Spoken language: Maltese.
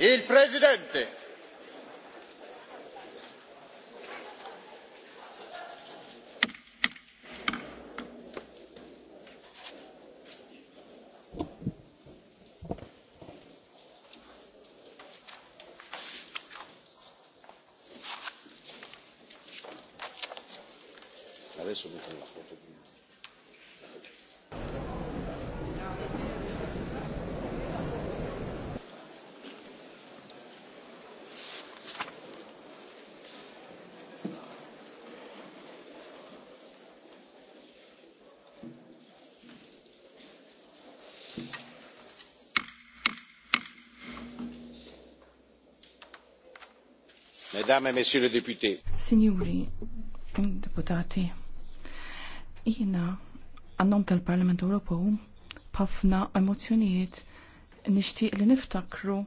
Il Presidente. Adesso metto la foto. Mesdames et Messieurs les députés. Signori, deputati, jina għannom tal-Parlament Ewropew pafna emozjonijiet nixtieq li niftakru